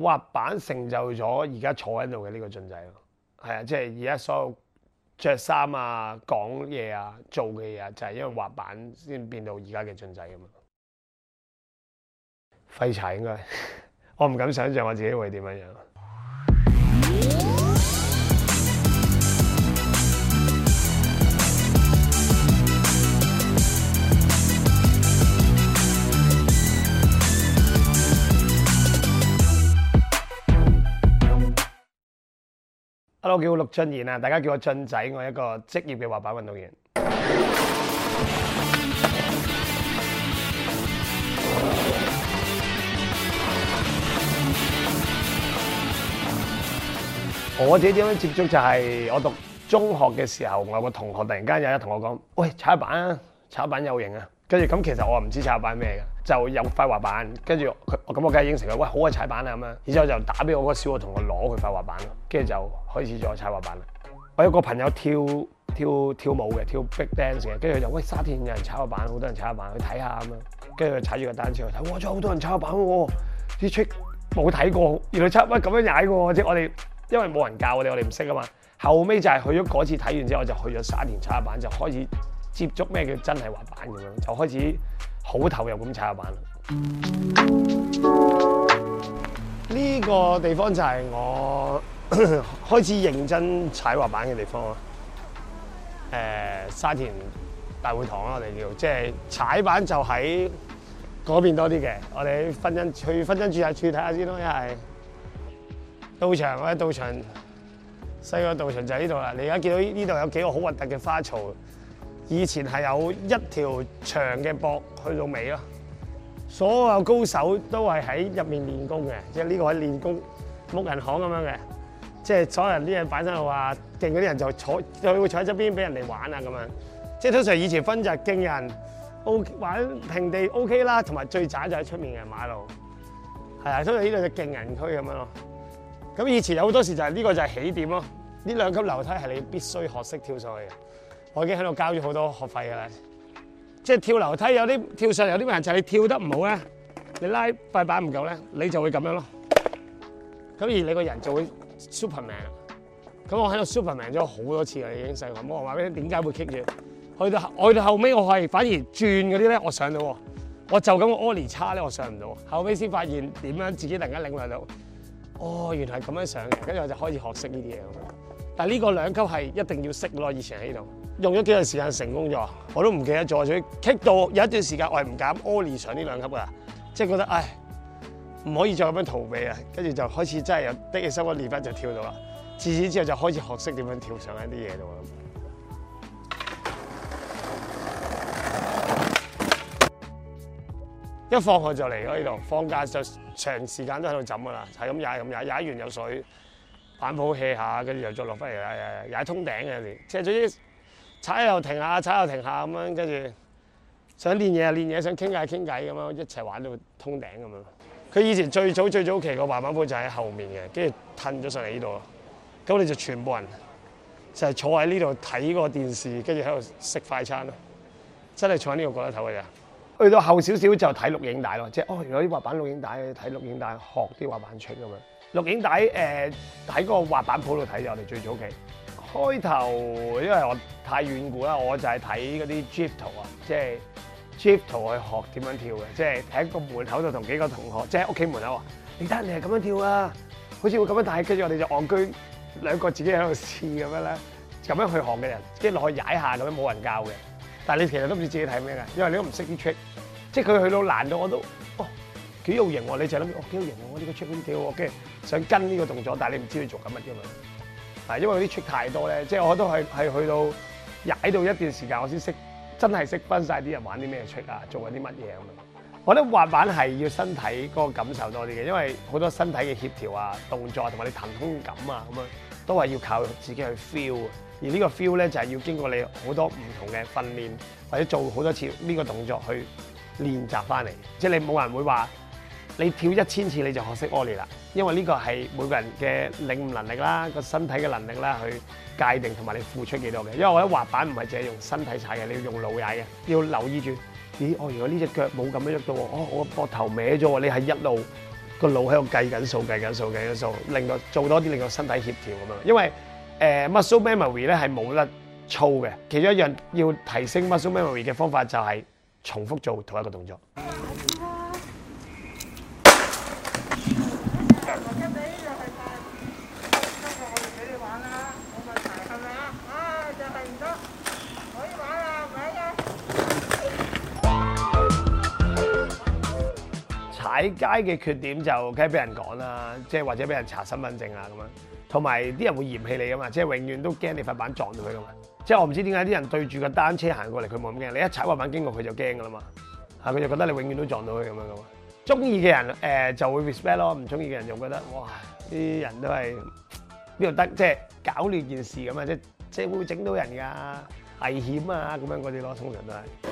滑板成就咗而家坐喺度嘅呢個俊仔咯，係啊，即係而家所有着衫啊、講嘢啊、做嘅嘢啊，就係、是、因為滑板先變到而家嘅俊仔咁嘛。廢柴應該，我唔敢想象我自己會點樣樣。Hello，我叫陸俊彥啊，大家叫我俊仔，我係一個職業嘅滑板運動員。我自己點樣接觸就係我讀中學嘅時候，我有個同學突然間有日同我講，喂，踩板，啊，踩板有型啊！跟住咁，其實我唔知踩板咩嘅。就有塊滑板，跟住佢，我咁我梗係應承佢，喂，好啊，踩板啊，咁樣，然之後就打俾我個小學同學攞佢塊滑板，跟住就開始咗踩滑板啦。我有個朋友跳跳跳舞嘅，跳 big dance 嘅，跟住就喂，沙田有人踩滑板，好多人踩滑板，去睇下咁樣，跟住佢踩住個單車去睇，哇仲好多人踩滑板喎，啊，啲出冇睇過，原來出喂咁樣踩嘅，即我哋因為冇人教我哋，我哋唔識啊嘛。後尾就係去咗嗰次睇完之後，我就去咗沙田踩滑板，就開始。接觸咩叫真係滑板咁樣，就開始好投入咁踩下板。呢個地方就係我開始認真踩滑板嘅地方。誒，沙田大會堂啦，我哋叫，即係踩板就喺嗰邊多啲嘅。我哋去婚姻註冊處睇下先咯，一係道場啊，道場，細個道場就喺呢度啦。你而家見到呢度有幾個好核突嘅花槽。以前係有一條長嘅膊去到尾咯，所有高手都係喺入面練功嘅，即係呢個係練功木人巷咁樣嘅，即係所有人啲嘢擺身度話勁嗰啲人就坐，佢會坐喺側邊俾人哋玩啊咁樣，即係通常以前分就係勁人 O、OK，玩平地 O K 啦，同埋最渣就喺出面嘅馬路，係啊，所以呢度就勁人區咁樣咯。咁以前有好多時就係、是、呢、呢個就係起點咯，呢兩級樓梯係你必須學識跳上去嘅。我已經喺度交咗好多學費㗎喇，即係跳樓梯有啲跳上，有啲人就係、是、你跳得唔好咧，你拉塊板唔夠咧，你就會咁樣咯。咁而你個人就做 Superman，咁我喺度 Superman 咗好多次啦已經細個，我話俾你點解會棘住，去到去到後尾我係反而轉嗰啲咧，我上到，我就咁個 ollie 差咧我上唔到，後尾先發現點樣自己突然間領略到，哦原來係咁樣上嘅，跟住我就開始學識呢啲嘢咁。呢個兩級係一定要識咯，以前喺度用咗幾段時間成功咗，我都唔記得咗。所以棘到有一段時間我係唔敢 Ollie 上呢兩級噶，即係覺得唉唔可以再咁樣逃避啊，跟住就開始真係有啲起心 Ollie 翻就跳到啦。自此之後就開始學識點樣跳上一啲嘢度。一放學就嚟咗呢度，放假就長時間都喺度浸噶啦，係咁踩咁踩，踩完有水。板鋪 hea 下，跟住又再落翻嚟，又喺通頂嘅。即係總之踩喺度停下，踩又停下咁樣，跟住想練嘢就練嘢，想傾偈就傾偈咁樣，一齊玩到通頂咁樣。佢以前最早最早期個滑板鋪就喺後面嘅，跟住褪咗上嚟呢度。咁你就全部人就係坐喺呢度睇個電視，跟住喺度食快餐咯。真係坐喺呢度過得頭嘅咋。去到後少少就睇錄影帶咯，即係哦，原來啲滑板錄影帶，睇錄影帶學啲滑板出咁樣。錄影帶誒喺個滑板鋪度睇嘅，我哋最早期。開頭因為我太遠古啦，我就係睇嗰啲 trick 圖啊，即係 trick 圖去學點樣跳嘅。即係喺個門口度同幾個同學，即係屋企門口話：，你睇 你係咁樣跳啊，好似會咁樣大，跟住我哋就戇居兩個自己喺度試咁樣啦，咁樣去學嘅人，即係落去踩下咁樣，冇人教嘅。但你其實都唔知自己睇咩㗎？因為你都唔識 trick，即係佢去到難到我都。幾好型喎！你就諗哦，幾、這個、好型喎！我呢個 trick 幾好喎，跟住想跟呢個動作，但係你唔知佢做緊乜嘅嘛？啊，因為啲 trick 太多咧，即、就、係、是、我都係係去到踩到一段時間我才，我先識真係識分晒啲人玩啲咩 trick 啊，做緊啲乜嘢咁啊！我覺得滑板係要身體個感受多啲嘅，因為好多身體嘅協調啊、動作同、啊、埋你騰空感啊咁啊，都係要靠自己去 feel。而這個 fe 呢個 feel 咧就係、是、要經過你好多唔同嘅訓練，或者做好多次呢個動作去練習翻嚟，即、就、係、是、你冇人會話。你跳一千次你就學識 Ollie 啦，因為呢個係每個人嘅領悟能力啦，個身體嘅能力啦去界定同埋你付出幾多嘅。因為我喺滑板唔係淨係用身體踩嘅，你要用腦踩嘅，要留意住。咦，哦，如果呢隻腳冇咁樣喐到喎，哦，我個膊頭歪咗喎。你係一路個腦喺度計緊數、計緊數、計緊數，令到做多啲，令到身體協調咁樣。因為誒 muscle memory 咧係冇得操嘅。其中一樣要提升 muscle memory 嘅方法就係重複做同一個動作。喺街嘅缺點就梗係俾人講啦，即係或者俾人查身份證啊咁樣，同埋啲人會嫌棄你噶嘛，即係永遠都驚你塊板撞到佢噶嘛。即係我唔知點解啲人對住個單車行過嚟，佢冇咁驚。你一踩滑板經過，佢就驚噶啦嘛，嚇佢就覺得你永遠都撞到佢咁樣噶嘛。中意嘅人誒、呃、就會 respect 咯，唔中意嘅人就覺得哇啲人都係邊度得，即係搞亂件事咁啊，即即會唔會整到人㗎危險啊咁樣嗰啲咯，通常都係。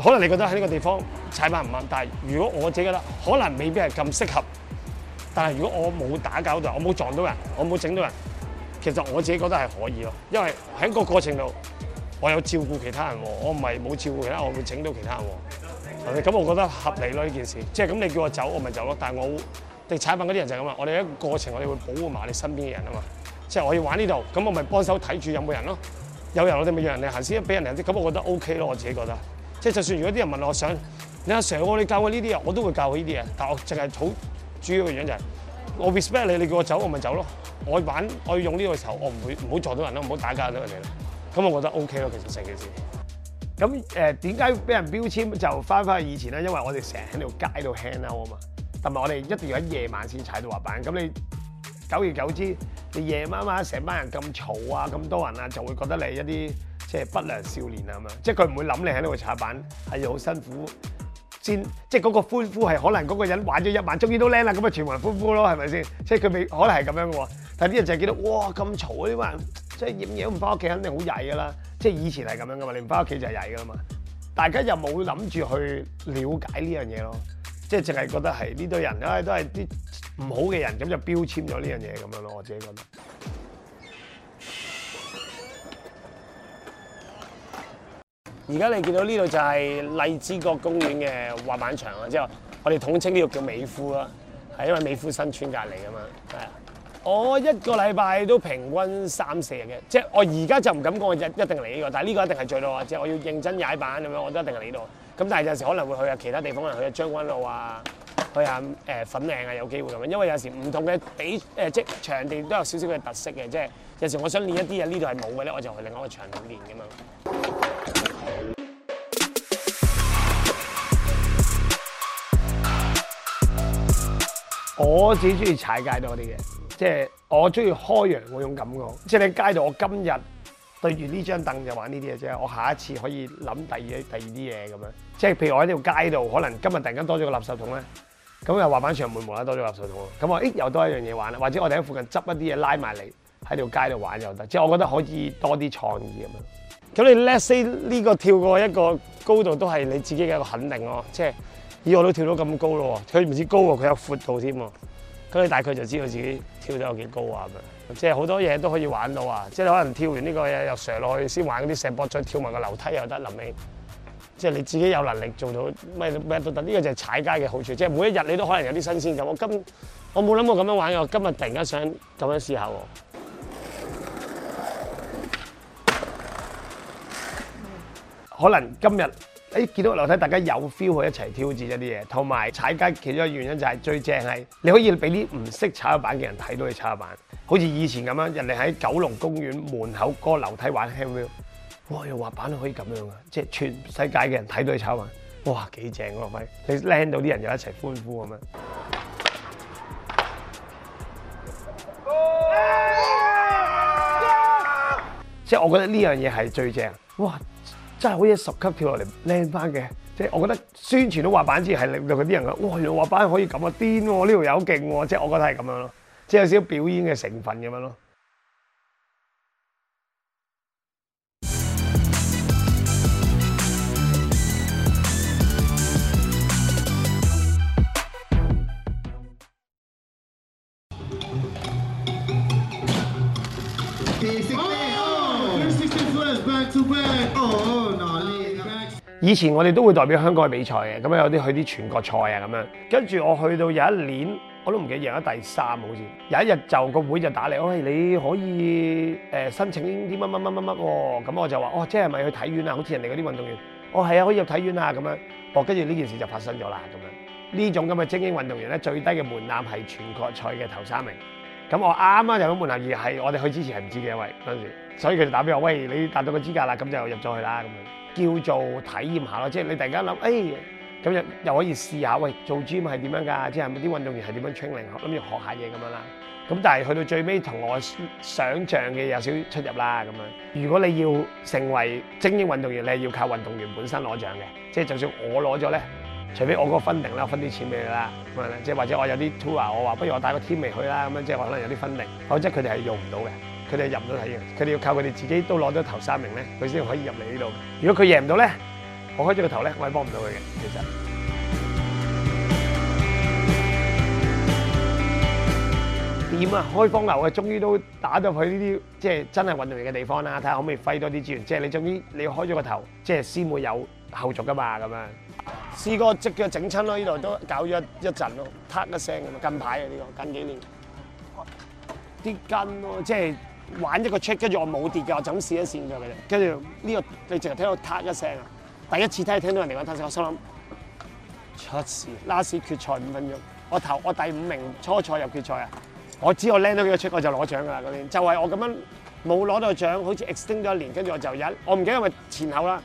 可能你覺得喺呢個地方踩板唔啱，但係如果我自己覺得可能未必係咁適合，但係如果我冇打攪到人，我冇撞到人，我冇整到人，其實我自己覺得係可以咯。因為喺個過程度，我有照顧其他人喎，我唔係冇照顧其他人，我會整到其他人喎。咁我覺得合理咯呢件事，即係咁你叫我走，我咪走咯。但係我哋踩板嗰啲人就係咁啊，我哋一個過程我哋會保護埋你身邊嘅人啊嘛。即係我要玩呢度，咁我咪幫手睇住有冇人咯。有人我哋咪讓人哋行先，俾人哋先。咁我覺得 OK 咯，我自己覺得。即係就算如果啲人問我，我想，你阿 Sir 我哋教我呢啲啊，我都會教我呢啲嘢。但我淨係好主要嘅樣就係、是，我 respect 你，你叫我走我咪走咯。我，走我要玩我要用呢個、OK、個時候，我唔會唔好撞到人咯，唔好打架到人哋咯。咁我覺得 OK 咯，其實成件事。咁誒點解俾人標籤就翻返去以前咧？因為我哋成日喺條街度 hang out 啊嘛，同埋我哋一定要喺夜晚先踩到滑板。咁你久而久之，你夜晚晚成班人咁嘈啊，咁多人啊，就會覺得你一啲。即係不良少年啊嘛，即係佢唔會諗你喺呢個踩板係好辛苦，先即係嗰個歡呼係可能嗰個人玩咗一晚，終於都靚啦，咁啊全民歡呼咯，係咪先？即係佢未可能係咁樣喎，但係啲人就見到哇咁嘈嗰啲人，即係飲嘢唔翻屋企肯定好曳噶啦，即係以前係咁樣噶嘛，你唔翻屋企就係曳噶啦嘛，大家又冇諗住去了解呢樣嘢咯，即係淨係覺得係呢堆人唉都係啲唔好嘅人，咁、哎、就標籤咗呢樣嘢咁樣咯，我自己覺得。而家你見到呢度就係荔枝角公園嘅滑板場啊！之後我哋統稱呢度叫美孚啦，係因為美孚新村隔離啊嘛。係啊，我一個禮拜都平均三四日嘅，即係我而家就唔敢講我一一定嚟呢個，但係呢個一定係最多啊！即係我要認真踩板咁樣，我都一定嚟呢度。咁但係有時可能會去下其他地方啊，去下將軍澳啊，去下誒粉嶺啊，有機會咁樣。因為有時唔同嘅比誒即場地都有少少嘅特色嘅，即係有時我想練一啲嘢呢度係冇嘅咧，我就去另外一個場度練㗎嘛。我自己中意踩街多啲嘅，即係我中意開揚嗰種感覺。即係喺街度，我今日對住呢張凳就玩呢啲嘢啫。我下一次可以諗第二、第二啲嘢咁樣。即係譬如我喺條街度，可能今日突然間多咗個垃圾桶咧，咁又滑板場冇冇啦多咗垃圾桶，咁我誒又多一樣嘢玩啦。或者我哋喺附近執一啲嘢拉埋嚟喺條街度玩又得。即係我覺得可以多啲創意咁樣。咁你 Let’s say 呢個跳過一個高度都係你自己嘅一個肯定咯，即係。以我都跳到咁高咯喎！佢唔止高喎，佢有闊度添。咁你大概就知道自己跳到有幾高啊？咁、嗯、即係好多嘢都可以玩到啊！即係可能跳完呢個嘢又錘落去，先玩嗰啲石博，再跳埋個樓梯又得。臨尾即係你自己有能力做到咩咩都得。呢個就係踩街嘅好處，即係每一日你都可能有啲新鮮感。我今我冇諗過咁樣玩嘅，我今日突然間想咁樣試下喎。嗯、可能今日。誒見到樓梯，大家有 feel 去一齊挑戰一啲嘢，同埋踩街其中一個原因就係最正係你可以俾啲唔識踩板嘅人睇到你踩板，好似以前咁樣，人哋喺九龍公園門口嗰個樓梯玩 hillview，哇！又滑板都可以咁樣啊，即係全世界嘅人睇到你踩板，哇！幾正啊！喂，你 land 到啲人又一齊歡呼咁樣，即係我覺得呢樣嘢係最正，哇！真係好似十級跳落嚟靚翻嘅，即係我覺得宣傳到滑板節係令到佢啲人話：哇，原來滑板可以咁樣啊，癲喎！呢度又好勁喎！即係我覺得係咁樣咯，即係有少少表演嘅成分咁樣咯。以前我哋都會代表香港去比賽嘅，咁啊有啲去啲全國賽啊咁樣。跟住我去到有一年，我都唔記得贏咗第三，好似有一日就個會就打嚟，喂、哎、你可以誒、呃、申請啲乜乜乜乜乜喎。咁、哦、我就話哦，即係咪去體院啊？好似人哋嗰啲運動員，哦係啊，可以入體院啊咁樣。哦，跟住呢件事就發生咗啦，咁樣呢種咁嘅精英運動員咧，最低嘅門檻係全國賽嘅頭三名。咁我啱啱入咗門檻，而係我哋去之前係唔知嘅位嗰陣時，所以佢就打俾我，喂，你達到個資格啦，咁就入咗去啦咁樣。叫做體驗下咯，即係你突然間諗，誒咁又又可以試下喂，做 gym 係點樣㗎？即係啲運動員係點樣 training，諗住學下嘢咁樣啦。咁但係去到最尾同我想象嘅有少出入啦咁樣。如果你要成為精英運動員，你係要靠運動員本身攞獎嘅。即係就算我攞咗咧，除非我個分定啦，分啲錢俾佢啦。咁啊，即係或者我有啲 tour，我話不如我帶個 team 嚟去啦，咁樣即係可能有啲分定。或者佢哋係用唔到嘅。佢哋入唔到體育，佢哋要靠佢哋自己都攞咗頭三名咧，佢先可以入嚟呢度。如果佢贏唔到咧，我開咗個頭咧，我係幫唔到佢嘅。其實點啊？開荒牛啊，終於都打到去呢啲即係真係運動嘅地方啦。睇下可唔可以揮多啲資源。即係你終於你要開咗個頭，即係先會有後續噶嘛咁樣。師哥隻腳整親咯，呢度都搞咗一陣咯，嗒一聲咁啊！近排啊呢個，近幾年啲筋咯，即係。玩一個 check，跟住我冇跌噶，我就咁試一試咁樣嘅啫。跟住呢個你淨係聽到塔一聲啊，第一次聽聽到人哋玩塔聲，我心諗出事。last 決賽五分鐘，我頭我第五名初賽入決賽啊！我知我靚到幾個 Check，我就攞獎噶啦嗰邊。就係、是、我咁樣冇攞到獎，好似 extinct 咗一年，跟住我就一，我唔記得有咪前後啦。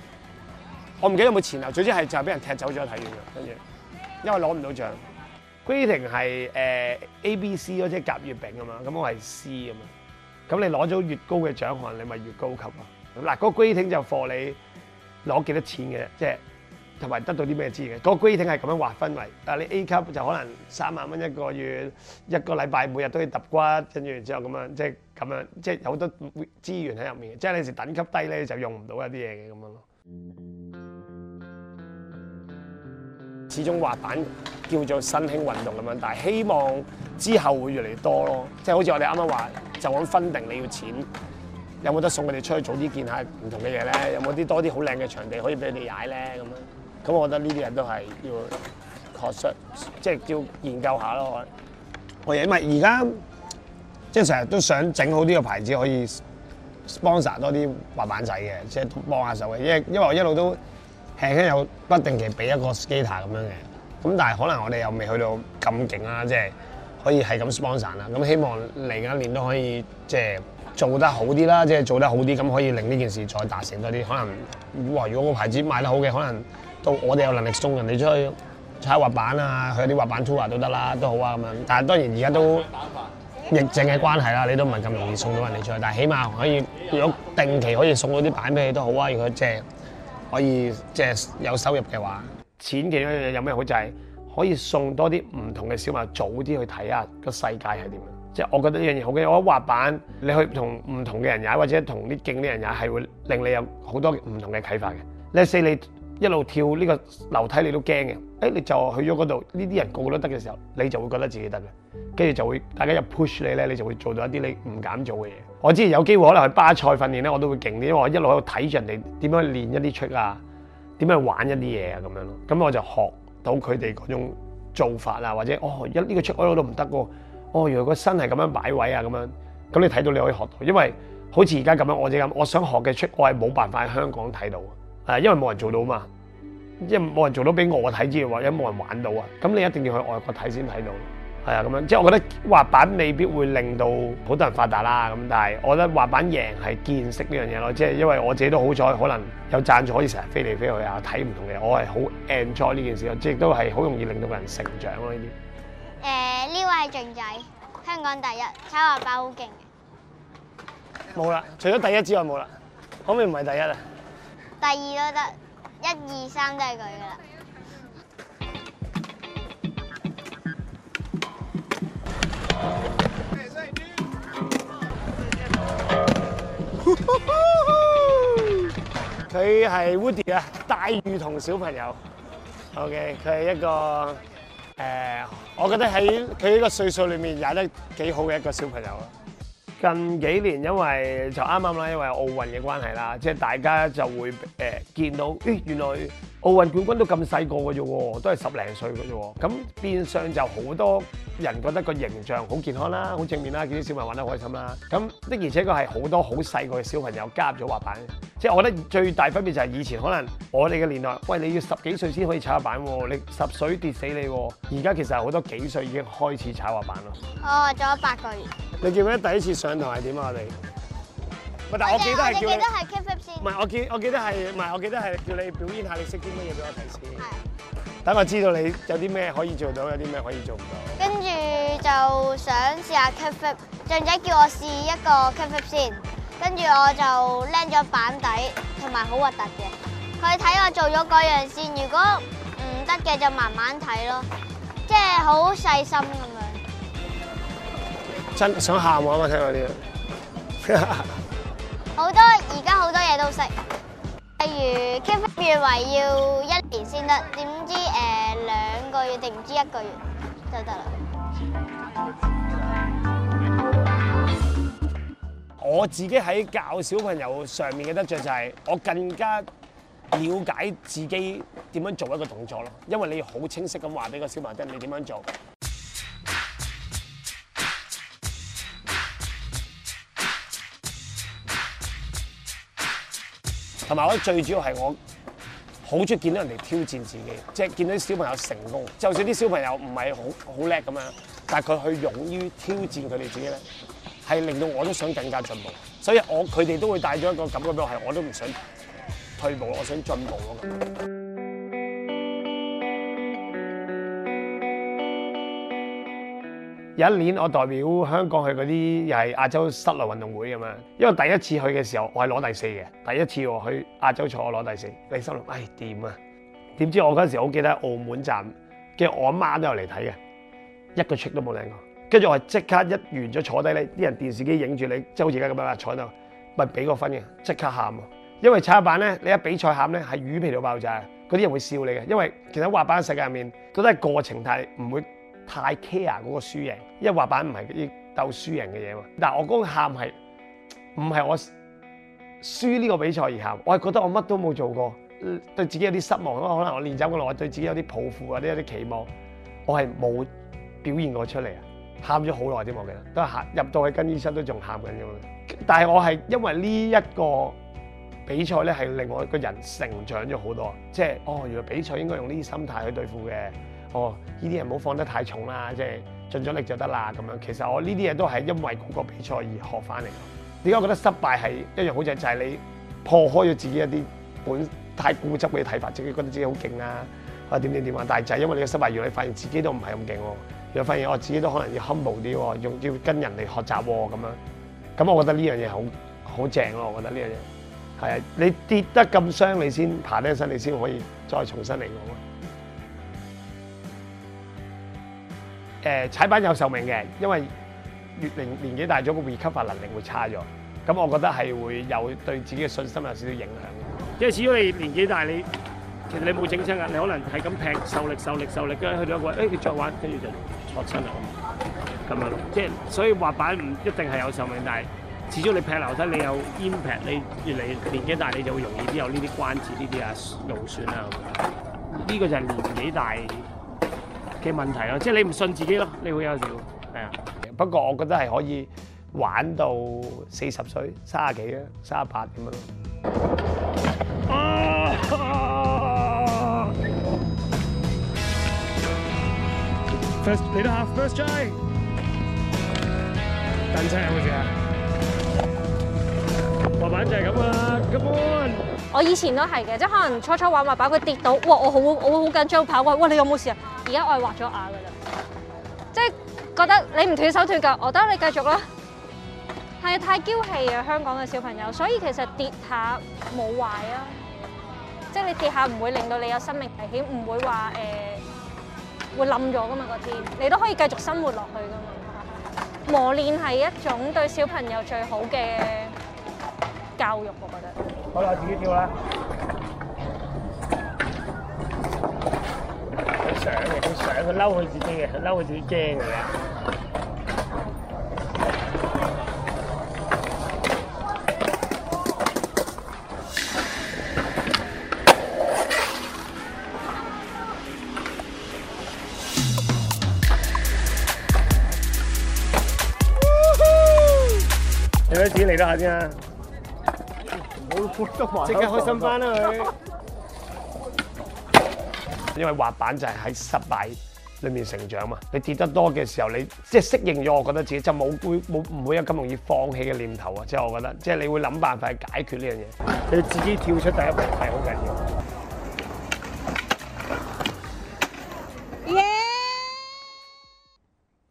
我唔記得有冇前後，總之係就係俾人踢走咗體育嘅，跟住因為攞唔到獎。grading 係誒 A、B、呃、ABC, C 咯，即係甲乙丙啊嘛，咁我係 C 咁樣。咁你攞咗越高嘅獎項，你咪越高級咯。嗱、那個，個 grading 就話你攞幾多錢嘅，即係同埋得到啲咩資源嘅。個 grading 係咁樣劃分為，誒你 A 級就可能三萬蚊一個月，一個禮拜每日都要揼骨，跟住之後咁樣，即係咁樣，即係有好多資源喺入面。即係你時等級低咧，你就用唔到一啲嘢嘅咁樣咯。始終滑板叫做新興運動咁樣，但係希望之後會越嚟越多咯。即係好似我哋啱啱話。就揾分定你要錢，有冇得送佢哋出去早啲見下唔同嘅嘢咧？有冇啲多啲好靚嘅場地可以俾你踩咧？咁啊，咁我覺得呢啲人都係要確實，即係要研究下咯。我因為而家即係成日都想整好呢個牌子可以 sponsor 多啲滑板仔嘅，即係幫下手嘅。因因為我一路都係咧有不定期俾一個 skater 咁樣嘅，咁但係可能我哋又未去到咁勁啦，即係。可以係咁 sponsor 啦，咁希望嚟緊一年都可以即係做得好啲啦，即係做得好啲，咁可以令呢件事再達成多啲。可能哇，如果個牌子賣得好嘅，可能到我哋有能力送人哋出去踩滑板啊，去啲滑板 tour 都得啦，都好啊咁樣。但係當然而家都疫症嘅關係啦，你都唔係咁容易送到人哋出去。但係起碼可以，如果定期可以送到啲板俾你都好啊，如果即係可以即係有收入嘅話，錢嘅一有咩好就係。可以送多啲唔同嘅小朋友早啲去睇下個世界係點樣？即係我覺得呢樣嘢好嘅。我一滑板，你去同唔同嘅人踩，或者同啲勁啲人踩，係會令你有好多唔同嘅啟發嘅。你死，你一路跳呢個樓梯，你都驚嘅。欸，你就去咗嗰度，呢啲人個個都得嘅時候，你就會覺得自己得嘅。跟住就會大家又 push 你咧，你就會做到一啲你唔敢做嘅嘢。我之前有機會可能去巴塞訓練咧，我都會勁啲，因為我一路睇住人哋點樣練一啲出啊，點樣玩一啲嘢啊咁樣咯。咁我就學。到佢哋嗰種做法啊，或者哦，一呢個出位我都唔得喎。哦，原來個身係咁樣擺位啊，咁樣，咁你睇到你可以學到，因為好似而家咁樣，我哋咁，我想學嘅出位冇辦法喺香港睇到啊，因為冇人做到嘛，即係冇人做到俾我睇之類話，因為冇人玩到啊，咁你一定要去外國睇先睇到。係啊，咁樣即係我覺得滑板未必會令到好多人發達啦。咁但係我覺得滑板贏係見識呢樣嘢咯。即係因為我自己都好彩，可能有贊助可以成日飛嚟飛去啊，睇唔同嘅。我係好 enjoy 呢件事，啊。即係都係好容易令到個人成長咯。呢啲誒，呢位俊仔香港第一，踩滑板好勁嘅。冇啦，除咗第一之外冇啦。可唔可以唔係第一啊？第二都得，一二三都係佢噶啦。佢係 Woody 啊，大魚同小朋友，OK，佢係一個誒，我覺得喺佢呢個歲數裏面，有得幾好嘅一個小朋友啊。近幾年因為就啱啱啦，因為奧運嘅關係啦，即係大家就會誒見到，咦，原來奧運冠軍都咁細個㗎咋喎，都係十零歲㗎咋喎，咁變相就好多，人覺得個形象好健康啦，好正面啦，見啲小朋友玩得開心啦。咁的而且確係好多好細個嘅小朋友加入咗滑板，即係我覺得最大分別就係以前可能我哋嘅年代，喂你要十幾歲先可以踩板喎，你十歲跌死你。而家其實好多幾歲已經開始踩滑板咯。哦，做咗八個月。你記唔記得第一次上堂係點啊？你、嗯？唔係，我記我記得係唔係？我記得係叫你表演下你識啲乜嘢俾我睇先。係。等我知道你有啲咩可以做到，有啲咩可以做唔到。就想試下 kickflip，俊仔叫我試一個 kickflip 先，跟住我就掟咗板底，同埋好核突嘅。佢睇我做咗嗰樣先，如果唔得嘅就慢慢睇咯，即係好細心咁樣。真想喊我啊嘛，聽我啲嘢。好多而家好多嘢都識，例如 kickflip 以為要一年先得，點知誒兩個月定唔知一個月就得啦。我自己喺教小朋友上面嘅得著就係，我更加了解自己點樣做一個動作咯。因為你好清晰咁話俾個小朋友聽你點樣做。同埋我最主要係我好中意見到人哋挑戰自己，即係見到啲小朋友成功，就算啲小朋友唔係好好叻咁樣。但係佢去勇於挑戰佢哋自己咧，係令到我都想更加進步，所以我佢哋都會帶咗一個感覺俾我係，我都唔想退步，我想進步咯。有一年我代表香港去嗰啲又係亞洲室內運動會咁樣，因為第一次去嘅時候我係攞第四嘅，第一次我去亞洲賽我攞第四，你心諗，唉點啊？點知我嗰時好記得澳門站嘅其實我阿媽都有嚟睇嘅。一個 check 都冇領過，跟住我即刻一完咗坐低咧，啲人電視機影住你，即係好似而家咁樣坐喺度，咪係俾個分嘅，即刻喊喎。因為踩板咧，你一比賽喊咧係魚皮度爆炸，嗰啲人會笑你嘅。因為其實滑板世界入面，都係過程態，唔會太 care 嗰個輸贏，因為滑板唔係啲鬥輸贏嘅嘢嘛。嗱，我嗰個喊係唔係我輸呢個比賽而喊？我係覺得我乜都冇做過，對自己有啲失望咯。可能我練咗咁耐，我對自己有啲抱負或者有啲期望，我係冇。表現我出嚟啊！喊咗好耐啫，我記得都係入到去跟醫生都仲喊緊咁樣。但係我係因為呢一個比賽咧，係令我個人成長咗好多。即係哦，原來比賽應該用呢啲心態去對付嘅。哦，呢啲人唔好放得太重啦，即係盡咗力就得啦咁樣。其實我呢啲嘢都係因為嗰個比賽而學翻嚟。點解我覺得失敗係一樣好嘅？就係你破開咗自己一啲本太固執嘅睇法，即係覺得自己好勁啊或點點點啊！但係就係因為你嘅失敗，原來你發現自己都唔係咁勁喎。我發現我自己都可能要 humble 啲喎，仲要跟人哋學習喎，咁樣，咁我覺得呢樣嘢好好正咯。我覺得呢樣嘢係啊，你跌得咁傷，你先爬得起身，你先可以再重新嚟過。誒、呃，踩板有壽命嘅，因為越年年紀大咗，個 recover 能力會差咗。咁我覺得係會有對自己嘅信心有少少影響。即係始終你年紀大，你其實你冇整親嘅，你可能係咁劈受力、受力、受力，跟住去到一個，誒、哎、你再玩，跟住就。落親啦，咁啊，即係所以滑板唔一定係有壽命，但係至少你劈樓梯，你有 impact，你越嚟年紀大，你就會容易啲有呢啲關節呢啲啊勞損啦。呢個就係年紀大嘅問題咯，即係你唔信自己咯，你好有時。係啊，不過我覺得係可以玩到四十歲卅幾啊，卅八咁樣咯。first 跌下，first，chai，但真係冇事啊！滑板就係咁啊，come on！我以前都係嘅，即係可能初初玩滑板，把佢跌到，哇！我好，我會好緊張，跑喂！喂！你有冇事啊？而家我係畫咗眼㗎啦，即係覺得你唔斷手斷腳，我得你繼續啦。係啊，太嬌氣啊，香港嘅小朋友，所以其實跌下冇壞啊，即係你跌下唔會令到你有生命危險，唔會話誒。會冧咗㗎嘛？嗰天你都可以繼續生活落去㗎嘛？磨練係一種對小朋友最好嘅教育，我覺得。好啦，我自己跳啦！佢想嘅，佢想佢嬲佢自己嘅，佢嬲佢自己驚嘅。睇下先啦，即刻開心翻啦佢。因為滑板就係喺失敗裏面成長嘛，你跌得多嘅時候，你即係適應咗，我覺得自己就冇會冇唔會有咁容易放棄嘅念頭啊！即係我覺得，即係你會諗辦法去解決呢樣嘢，你自己跳出第一步係好緊要。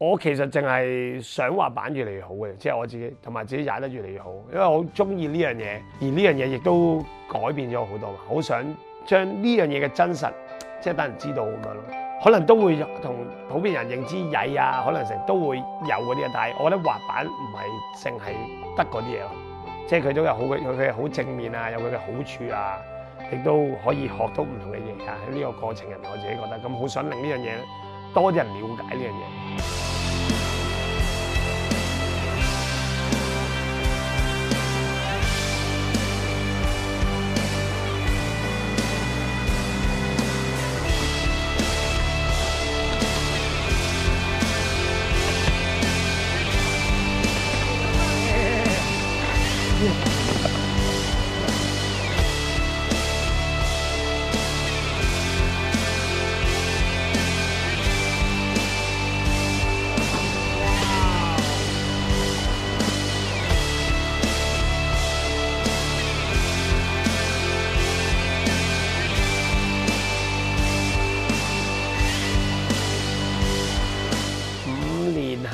我其實淨係想滑板越嚟越好嘅，即係我自己同埋自己踩得越嚟越好，因為我好鍾意呢樣嘢，而呢樣嘢亦都改變咗好多嘛。好想將呢樣嘢嘅真實，即係等人知道咁樣咯。可能都會同普遍人認知曳啊，可能成日都會有嗰啲啊。但係我覺得滑板唔係淨係得嗰啲嘢咯，即係佢都有好佢好正面啊，有佢嘅好處啊，亦都可以學到唔同嘅嘢啊。喺呢個過程入面，我自己覺得咁好想令呢樣嘢多啲人了解呢樣嘢。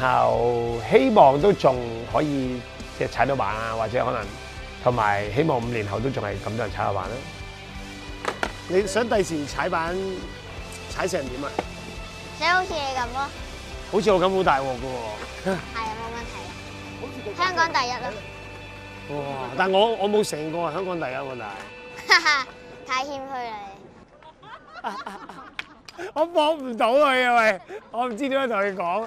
然後希望都仲可以即係踩到板啊，或者可能同埋希望五年後都仲係咁多人踩下板啦。你想第時踩板踩成點啊？想好似你咁咯。好似我咁好大鑊噶喎。係啊，冇問題。香港第一啦。哇！但係我我冇成過香港第一啊，但哈哈，太謙虛啦。我望唔到佢啊喂！我唔知點樣同佢講。